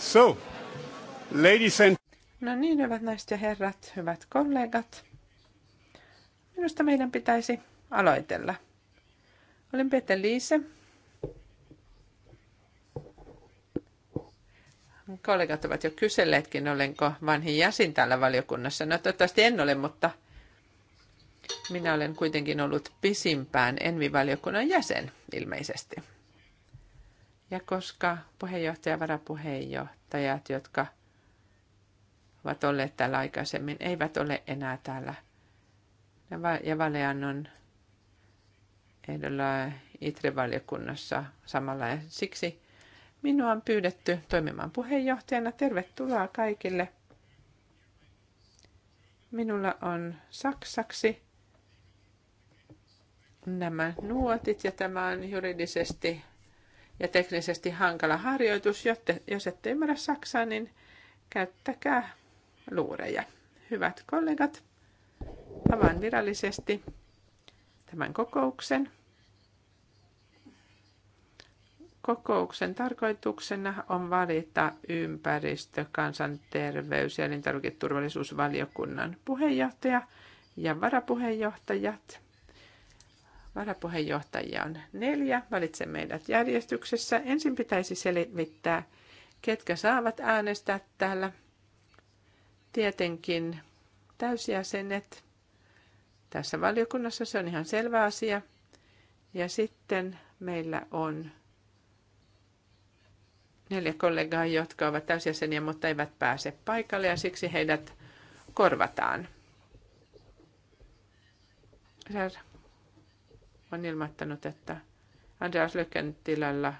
So, ladies and... No niin, hyvät naiset ja herrat, hyvät kollegat. Minusta meidän pitäisi aloitella. Olen Peter Liise. Kollegat ovat jo kyselleetkin, olenko vanhin jäsen täällä valiokunnassa. No toivottavasti en ole, mutta minä olen kuitenkin ollut pisimpään Envi-valiokunnan jäsen ilmeisesti. Ja koska puheenjohtaja ja varapuheenjohtajat, jotka ovat olleet täällä aikaisemmin, eivät ole enää täällä. Ja Valean on ehdolla ITRE-valiokunnassa samalla. Ja siksi minua on pyydetty toimimaan puheenjohtajana. Tervetuloa kaikille. Minulla on saksaksi nämä nuotit ja tämä on juridisesti ja teknisesti hankala harjoitus. Jotte, jos ette ymmärrä saksaa, niin käyttäkää luureja. Hyvät kollegat, avaan virallisesti tämän kokouksen. Kokouksen tarkoituksena on valita ympäristö-, kansanterveys- ja elintarviketurvallisuusvaliokunnan puheenjohtaja ja varapuheenjohtajat – Varapuheenjohtajia on neljä. Valitse meidät järjestyksessä. Ensin pitäisi selvittää, ketkä saavat äänestää täällä. Tietenkin täysjäsenet. Tässä valiokunnassa se on ihan selvä asia. Ja sitten meillä on neljä kollegaa, jotka ovat täysjäseniä, mutta eivät pääse paikalle ja siksi heidät korvataan. Sär on ilmoittanut, että Andreas Lykken tilalla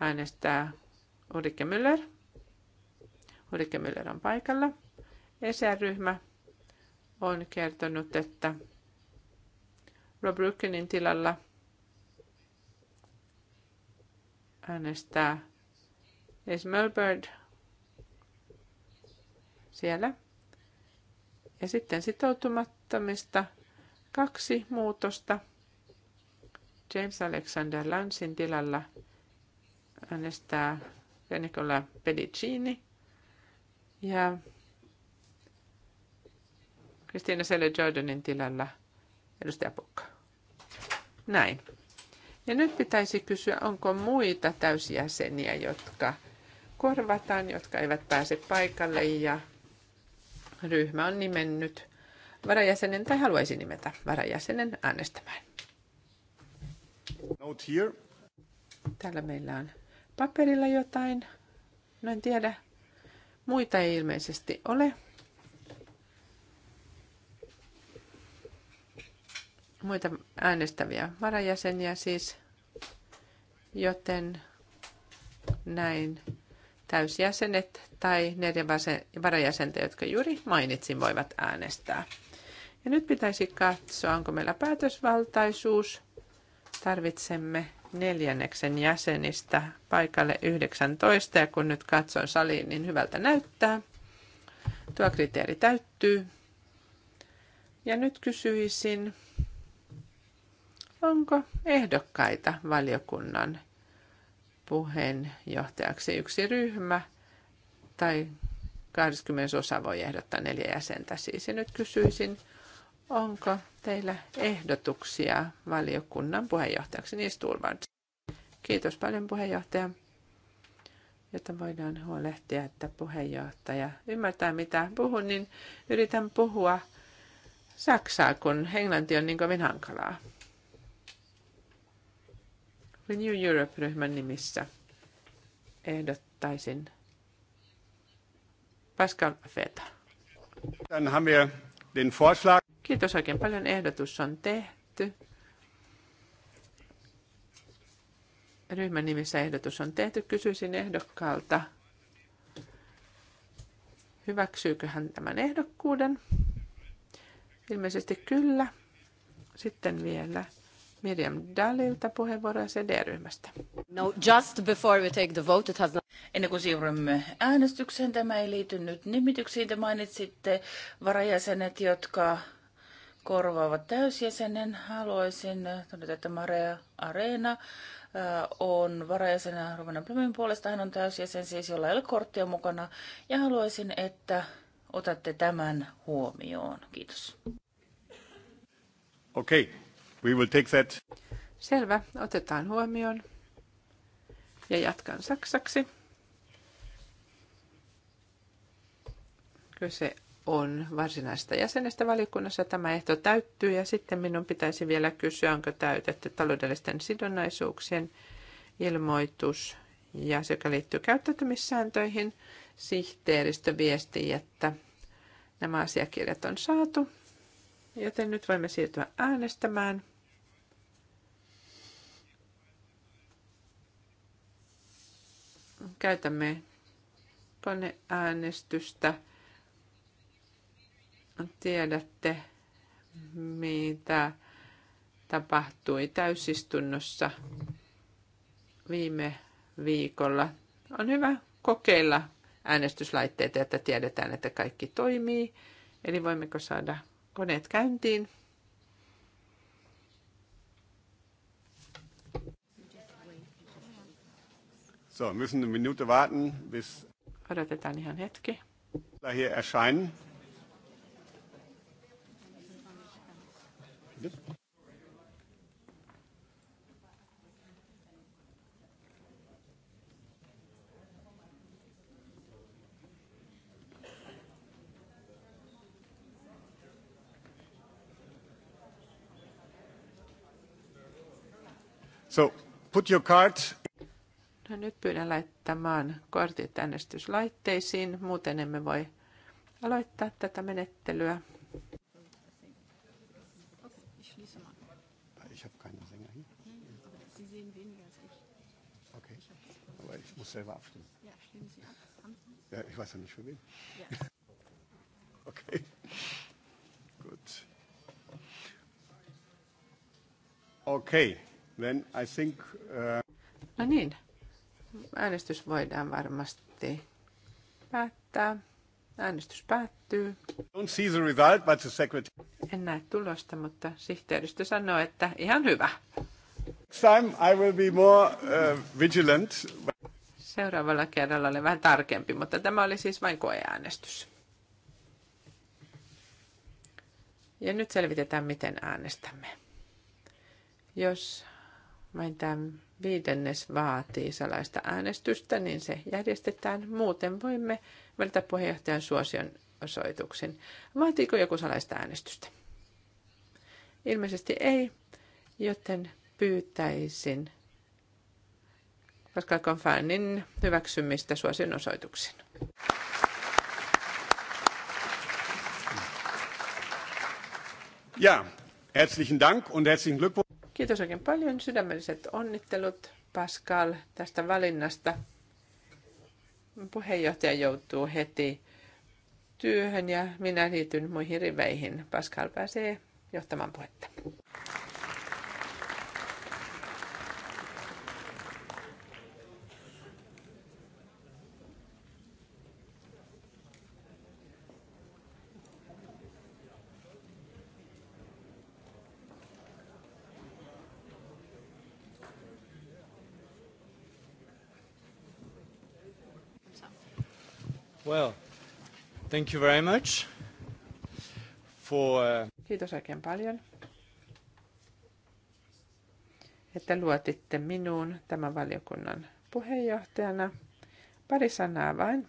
äänestää Ulrike Müller. Ulrike Müller on paikalla. ESR-ryhmä on kertonut, että Rob Rukinin tilalla äänestää Es Melbird siellä. Ja sitten sitoutumattomista kaksi muutosta – James Alexander Lansin tilalla äänestää Nicola Pedicini ja Kristiina Selle Jordanin tilalla edustaja Pukka. Näin. Ja nyt pitäisi kysyä, onko muita täysjäseniä, jotka korvataan, jotka eivät pääse paikalle ja ryhmä on nimennyt varajäsenen tai haluaisi nimetä varajäsenen äänestämään. Note here. Täällä meillä on paperilla jotain. No en tiedä. Muita ei ilmeisesti ole. Muita äänestäviä varajäseniä siis, joten näin täysjäsenet tai neljä varajäsentä, jotka juuri mainitsin, voivat äänestää. Ja nyt pitäisi katsoa, onko meillä päätösvaltaisuus – Tarvitsemme neljänneksen jäsenistä paikalle 19 ja kun nyt katson saliin, niin hyvältä näyttää. Tuo kriteeri täyttyy. Ja nyt kysyisin, onko ehdokkaita valiokunnan puheenjohtajaksi yksi ryhmä tai 20 osa voi ehdottaa neljä jäsentä. Siis nyt kysyisin, Onko teillä ehdotuksia valiokunnan puheenjohtajaksi Niistulvard? Kiitos paljon puheenjohtaja, jotta voidaan huolehtia, että puheenjohtaja ymmärtää mitä puhun, niin yritän puhua saksaa, kun englanti on niin kovin hankalaa. Renew Europe-ryhmän nimissä ehdottaisin Pascal Feta. Dann haben wir den Vorschlag. Kiitos oikein paljon. Ehdotus on tehty. Ryhmän nimissä ehdotus on tehty. Kysyisin ehdokkaalta, hyväksyykö hän tämän ehdokkuuden. Ilmeisesti kyllä. Sitten vielä Miriam Dalilta puheenvuoroja CD-ryhmästä. No, just before we take the vote, it has not... Ennen kuin siirrymme äänestykseen, tämä ei liity nyt nimityksiin. Te mainitsitte varajäsenet, jotka korvaavat täysjäsenen. Haluaisin todeta, että Maria Areena äh, on varajäsenä Ruvanan Plymin puolesta. Hän on täysjäsen siis, jolla ei ole korttia mukana. Ja haluaisin, että otatte tämän huomioon. Kiitos. Okei, okay. we will take that. Selvä, otetaan huomioon. Ja jatkan saksaksi. Kyse on varsinaista jäsenestä valiokunnassa. Tämä ehto täyttyy ja sitten minun pitäisi vielä kysyä, onko täytetty taloudellisten sidonnaisuuksien ilmoitus ja se, joka liittyy käyttäytymissääntöihin. Sihteeristö viesti, että nämä asiakirjat on saatu, joten nyt voimme siirtyä äänestämään. Käytämme koneäänestystä tiedätte, mitä tapahtui täysistunnossa viime viikolla. On hyvä kokeilla äänestyslaitteita, että tiedetään, että kaikki toimii. Eli voimmeko saada koneet käyntiin. So, müssen eine Minute warten, bis Odotetaan ihan hetki. Hier erscheinen. So, put your card. No nyt pyydän laittamaan kortit äänestyslaitteisiin, muuten emme voi aloittaa tätä menettelyä. Ich habe keine Sänger hier. Hm, Sie sehen weniger als ich. Okay. Aber ich muss selber abstimmen. Ja, stimmen Sie ab. Haben Ja, ich weiß ja nicht für wen. Ja. Okay. Gut. Okay. Then I think, uh... No niin. Äänestys voidaan varmasti päättää. Äänestys päättyy. Don't see the result, but the secretary... En näe tulosta, mutta sihteeristö sanoo, että ihan hyvä. Next time I will be more uh, vigilant. Seuraavalla kerralla olen vähän tarkempi, mutta tämä oli siis vain koeäänestys. Ja nyt selvitetään, miten äänestämme. Jos tämä viidennes vaatii salaista äänestystä, niin se järjestetään. Muuten voimme valita puheenjohtajan suosion osoituksen. Vaatiiko joku salaista äänestystä? Ilmeisesti ei, joten pyytäisin Pascal Confanin hyväksymistä suosion osoituksen. Ja, herzlichen Dank und herzlichen Glückwunsch. Kiitos oikein paljon. Sydämelliset onnittelut Pascal tästä valinnasta puheenjohtaja joutuu heti työhön ja minä liityn muihin riveihin. Pascal pääsee johtamaan puhetta. Well, thank you very much for... Uh, Kiitos oikein paljon, että luotitte minuun tämän valiokunnan puheenjohtajana. Pari sanaa vain.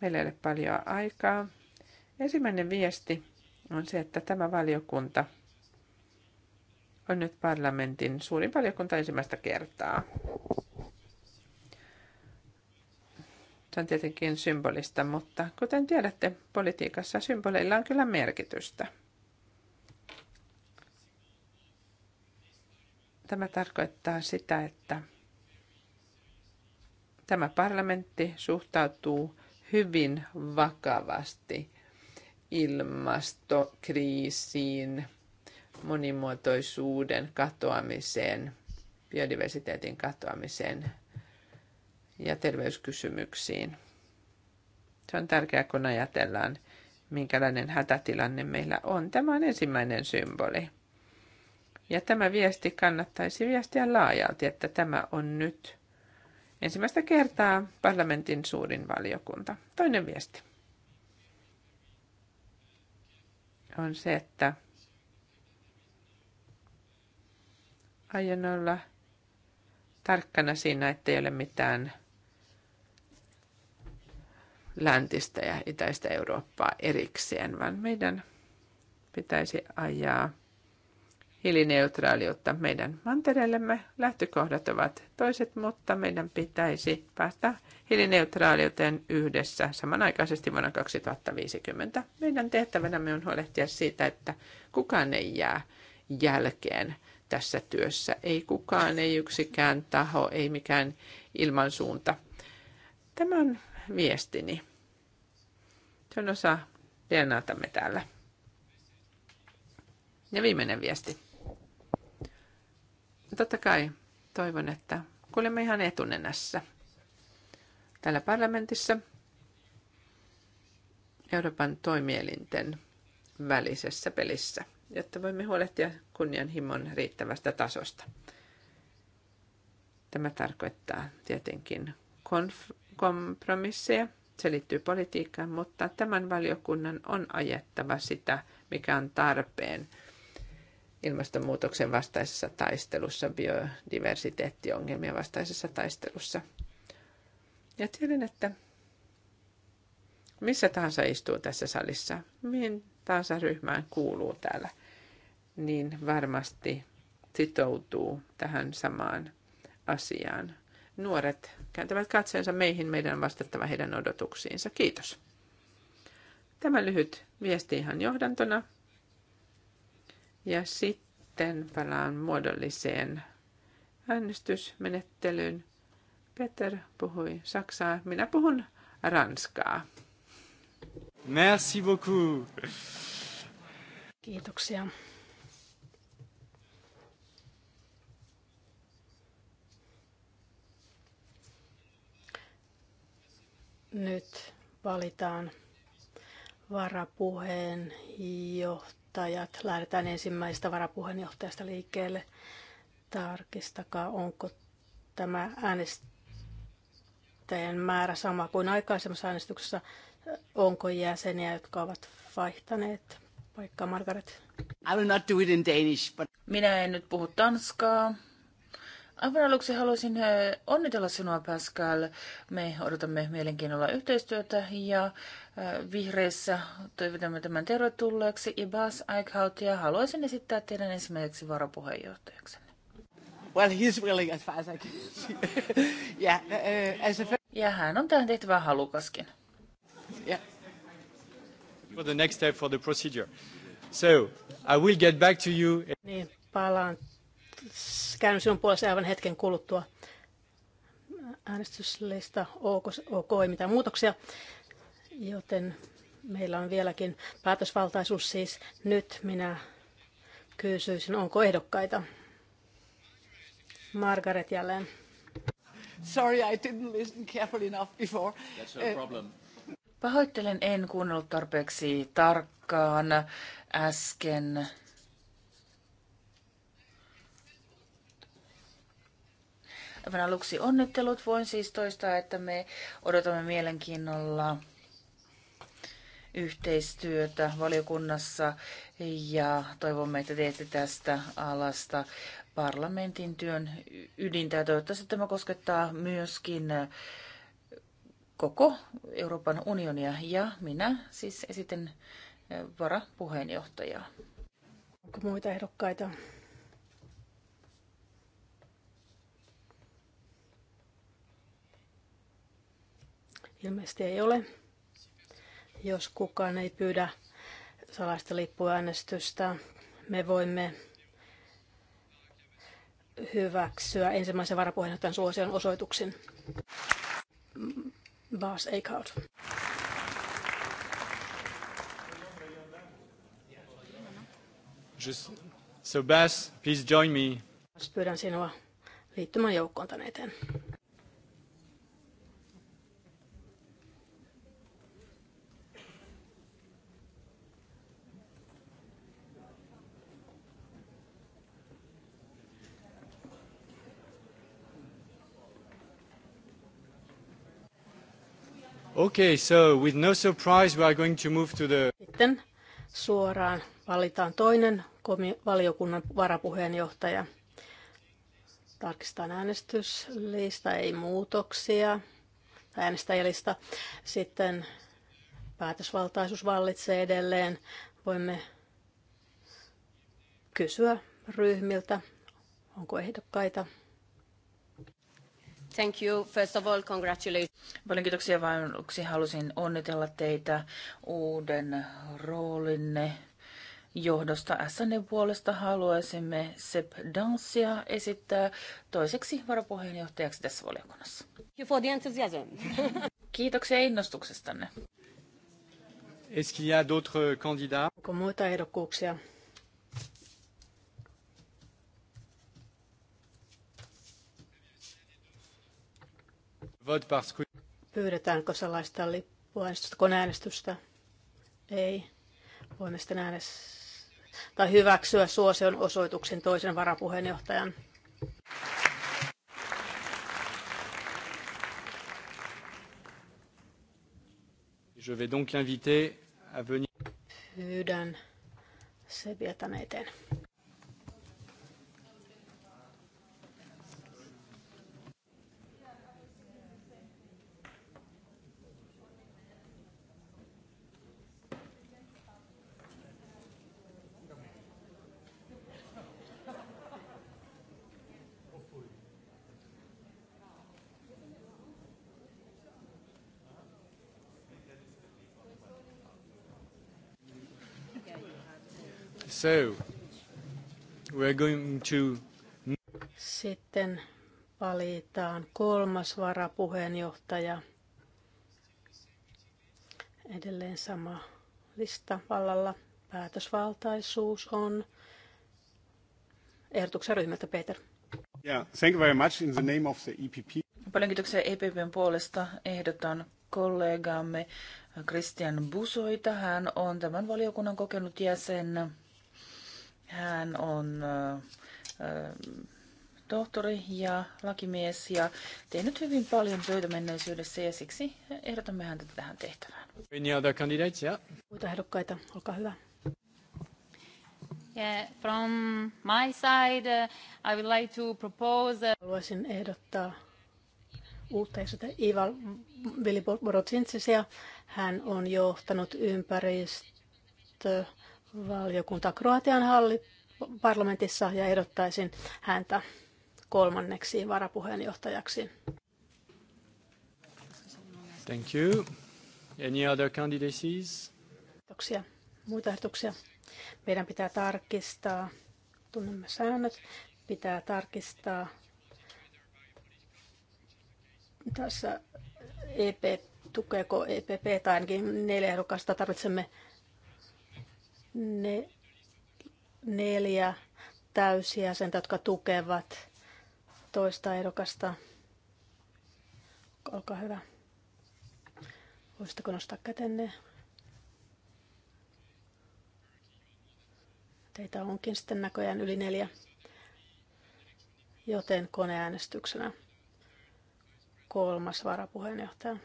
Meillä ei ole paljon aikaa. Ensimmäinen viesti on se, että tämä valiokunta on nyt parlamentin suurin valiokunta ensimmäistä kertaa. Se on tietenkin symbolista, mutta kuten tiedätte, politiikassa symboleilla on kyllä merkitystä. Tämä tarkoittaa sitä, että tämä parlamentti suhtautuu hyvin vakavasti ilmastokriisiin, monimuotoisuuden katoamiseen, biodiversiteetin katoamiseen ja terveyskysymyksiin. Se on tärkeää, kun ajatellaan, minkälainen hätätilanne meillä on. Tämä on ensimmäinen symboli. Ja tämä viesti kannattaisi viestiä laajalti, että tämä on nyt ensimmäistä kertaa parlamentin suurin valiokunta. Toinen viesti on se, että aion olla tarkkana siinä, ei ole mitään – läntistä ja itäistä Eurooppaa erikseen, vaan meidän pitäisi ajaa hiilineutraaliutta meidän mantereellemme. Lähtökohdat ovat toiset, mutta meidän pitäisi päästä hiilineutraaliuteen yhdessä samanaikaisesti vuonna 2050. Meidän tehtävänämme on huolehtia siitä, että kukaan ei jää jälkeen tässä työssä. Ei kukaan, ei yksikään taho, ei mikään ilmansuunta. Tämä on viestini. Se on osa DNAtamme täällä. Ja viimeinen viesti. Totta kai toivon, että kuulemme ihan etunenässä täällä parlamentissa Euroopan toimielinten välisessä pelissä, jotta voimme huolehtia kunnianhimon riittävästä tasosta. Tämä tarkoittaa tietenkin konf- kompromisseja. Se liittyy politiikkaan, mutta tämän valiokunnan on ajettava sitä, mikä on tarpeen ilmastonmuutoksen vastaisessa taistelussa, biodiversiteettiongelmien vastaisessa taistelussa. Ja tiedän, että missä tahansa istuu tässä salissa, mihin tahansa ryhmään kuuluu täällä, niin varmasti sitoutuu tähän samaan asiaan nuoret kääntävät katseensa meihin, meidän vastattava heidän odotuksiinsa. Kiitos. Tämä lyhyt viesti ihan johdantona. Ja sitten palaan muodolliseen äänestysmenettelyyn. Peter puhui saksaa, minä puhun ranskaa. Merci beaucoup. Kiitoksia. Nyt valitaan varapuheenjohtajat. Lähdetään ensimmäisestä varapuheenjohtajasta liikkeelle. Tarkistakaa, onko tämä äänestäjän määrä sama kuin aikaisemmassa äänestyksessä. Onko jäseniä, jotka ovat vaihtaneet paikkaa, Margaret? I will not do it in Danish, but... Minä en nyt puhu tanskaa, Aivan aluksi haluaisin onnitella sinua, Pascal. Me odotamme mielenkiinnolla yhteistyötä ja vihreissä toivotamme tämän tervetulleeksi. Ja Bas Eichhout, ja haluaisin esittää teidän ensimmäiseksi varapuheenjohtajaksi. Well, he's willing as far as I can see. yeah, uh, uh, as a... Ja hän on tähän tehtävään halukaskin. Yeah. For the next step for the procedure. So, I will get back to you. Niin, palaan käyn sinun puolesi aivan hetken kuluttua. Äänestyslista OK, OK ei mitään muutoksia, joten meillä on vieläkin päätösvaltaisuus siis. Nyt minä kysyisin, onko ehdokkaita? Margaret jälleen. Sorry, I didn't listen carefully enough before. That's no problem. Pahoittelen, en kuunnellut tarpeeksi tarkkaan äsken. Tämän aluksi onnittelut. Voin siis toistaa, että me odotamme mielenkiinnolla yhteistyötä valiokunnassa ja toivomme, että teette tästä alasta parlamentin työn ydintä. Ja toivottavasti tämä koskettaa myöskin koko Euroopan unionia ja minä siis esitän varapuheenjohtajaa. Onko muita ehdokkaita? Ilmeisesti ei ole. Jos kukaan ei pyydä salaista lippuäänestystä, me voimme hyväksyä ensimmäisen varapuheenjohtajan suosion osoituksen. Bas Eichhout. so Bas, please join me. Pyydän sinua liittymään joukkoon tänne eteen. Okay, so with no surprise we are going to move to the... Sitten suoraan valitaan toinen valiokunnan varapuheenjohtaja. Tarkistetaan äänestyslista, ei muutoksia. Äänestäjälista. Sitten päätösvaltaisuus vallitsee edelleen. Voimme kysyä ryhmiltä, onko ehdokkaita Thank you. First of all, congratulations. Paljon kiitoksia vain. Halusin onnitella teitä uuden roolinne johdosta SN puolesta haluaisimme Sepp Dansia esittää toiseksi varapuheenjohtajaksi tässä valiokunnassa. For the enthusiasm. Kiitoksia innostuksestanne. Est-ce qu'il y a d'autres candidats? Onko muita ehdokkuuksia? Pyydetäänkö sellaista lippuäänestystä, koneäänestystä? Ei. Voimme sitten äänestää tai hyväksyä suosion osoituksen toisen varapuheenjohtajan. Je vais donc l'inviter à venir. Pyydän se vietän eteen. So, we're going to... Sitten valitaan kolmas varapuheenjohtaja. Edelleen sama lista vallalla. Päätösvaltaisuus on ehdotuksen ryhmältä Peter. Yeah, thank you very much in the name of the EPP. Paljon kiitoksia EPPn puolesta. Ehdotan kollegaamme Christian Busoita. Hän on tämän valiokunnan kokenut jäsen. Hän on tohtori ja lakimies ja tehnyt hyvin paljon töitä menneisyydessä ja siksi ehdotamme häntä tähän tehtävään. Any other candidates? Yeah. Muita ehdokkaita, olkaa hyvä. Yeah, from my side, uh, I would like to propose... Uh, Haluaisin ehdottaa uutta jäsentä Ival Vili Borotsintsisia. Hän on johtanut ympäristö valiokunta Kroatian halli parlamentissa ja ehdottaisin häntä kolmanneksi varapuheenjohtajaksi. Thank you. Any other candidacies? Kiitoksia. Muita ehdotuksia? Meidän pitää tarkistaa, tunnemme säännöt, pitää tarkistaa tässä EP, tukeeko EPP tai ainakin neljä ehdokasta tarvitsemme ne neljä sen jotka tukevat toista ehdokasta. Olkaa hyvä. Voisitko nostaa kätenne? Teitä onkin sitten näköjään yli neljä, joten koneäänestyksenä kolmas varapuheenjohtaja.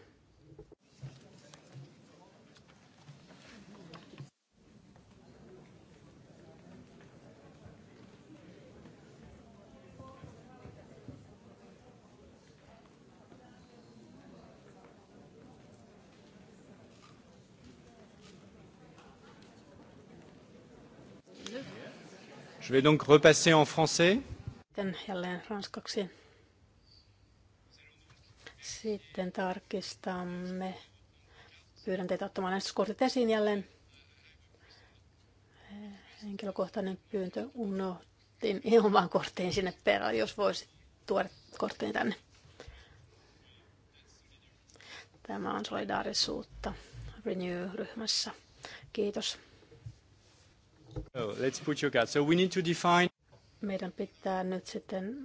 vais donc repasser en français. Sitten jälleen ranskaksi. Sitten tarkistamme. Pyydän teitä ottamaan äänestyskortit esiin jälleen. Henkilökohtainen pyyntö unohtin ilman korttiin sinne perään, jos voisit tuoda korttiin tänne. Tämä on solidaarisuutta Renew-ryhmässä. Kiitos. Oh, let's put your So we need to define... Meidän pitää nyt sitten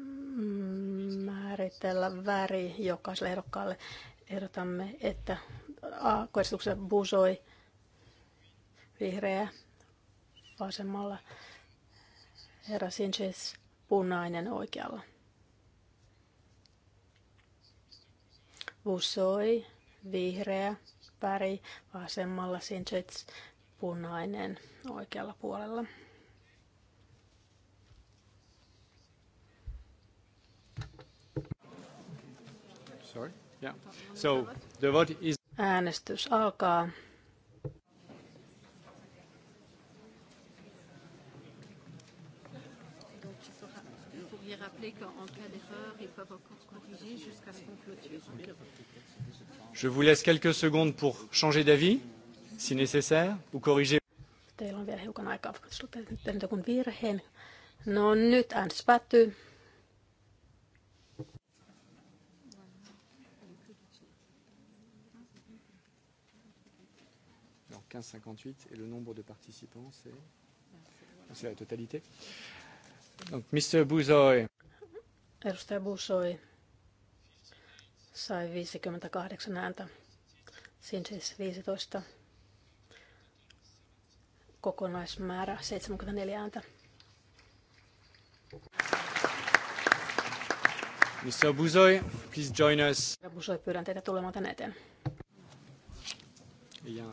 määritellä väri jokaiselle ehdokkaalle. Ehdotamme, että A-kohdistuksen busoi vihreä vasemmalla, herra Sinches punainen oikealla. Busoi vihreä väri vasemmalla, Sinches punainen oikealla puolella. Sorry. Yeah. So the vote is... Äänestys alkaa. Je vous laisse quelques secondes pour changer d'avis si nécessaire, ou corriger. Teillä on vielä hiukan aikaa, koska nyt tehnyt jonkun virheen. No nyt äänestys päättyy. Alors 15,58 et le nombre de participants c'est c'est la totalité. Donc Mr. Buzoi. Edustaja Buzoi sai 58 ääntä, siinä siis 15 kokonaismäärä 74 ääntä. Mr. Buzoy, please join us. Buzoy pyydän teitä tulemaan tänne eteen. Ja.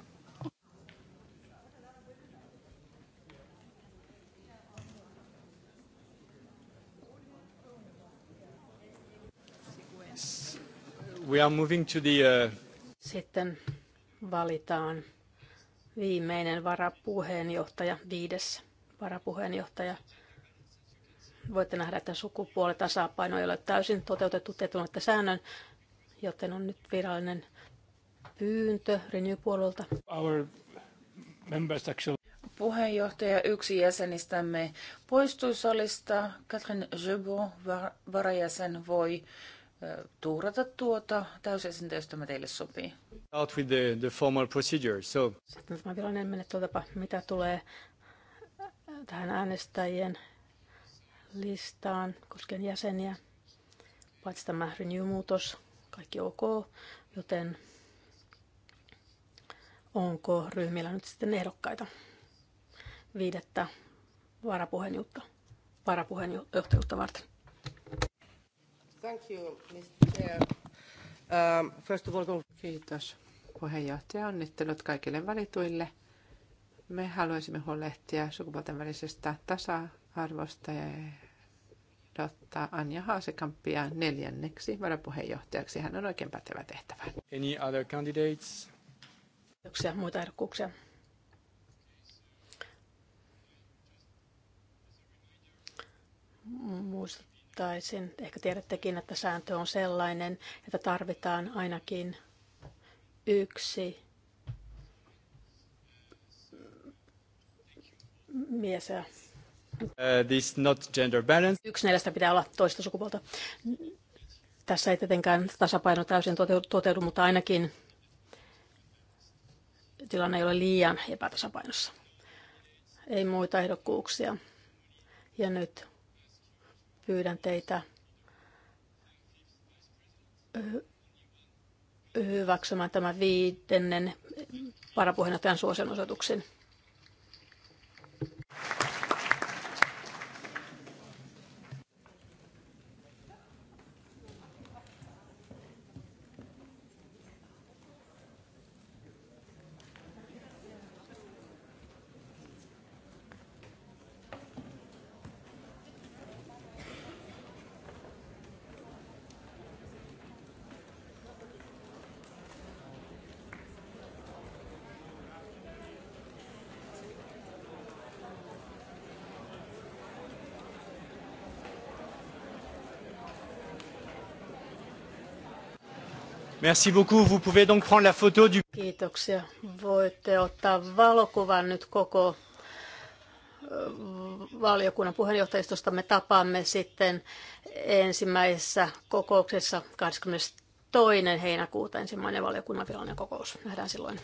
We are moving to the, uh... Sitten valitaan viimeinen varapuheenjohtaja, viides varapuheenjohtaja. Voitte nähdä, että sukupuolitasapaino ei ole täysin toteutettu tietynlaista säännön, joten on nyt virallinen pyyntö Renew-puolelta. Puheenjohtaja yksi jäsenistämme poistui salista. Katrin Jebo, varajäsen, voi tuurata tuota täysesintä, jos teille sopii. Out with the, the formal procedure, so. Sitten tämä virallinen menettelytapa, mitä tulee tähän äänestäjien listaan koskien jäseniä, paitsi tämä Renew-muutos, kaikki ok, joten onko ryhmillä nyt sitten ehdokkaita viidettä varapuheenjohtajuutta varten? Thank you, Mr. Chair. Um, first of all, Kiitos puheenjohtaja onnittelut kaikille valituille. Me haluaisimme huolehtia sukupuolten välisestä tasa-arvosta ja ottaa Anja Haasekampia neljänneksi varapuheenjohtajaksi. Hän on oikein pätevä tehtävä. Any other candidates? Kiitoksia. Muita ehdokkuuksia? Muistutan ehdottaisin, ehkä tiedättekin, että sääntö on sellainen, että tarvitaan ainakin yksi mies ja Uh, this not gender balance. Yksi neljästä pitää olla toista sukupuolta. Tässä ei tietenkään tasapaino täysin toteudu, mutta ainakin tilanne ei ole liian epätasapainossa. Ei muita ehdokkuuksia. Ja nyt Pyydän teitä hyväksymään tämän viidennen varapuheenjohtajan suosionosoituksen. Merci beaucoup. Vous pouvez donc prendre la photo du... Kiitoksia. Voitte ottaa valokuvan nyt koko valiokunnan puheenjohtajistosta. Me tapaamme sitten ensimmäisessä kokouksessa 22. heinäkuuta ensimmäinen valiokunnan virallinen kokous. Nähdään silloin.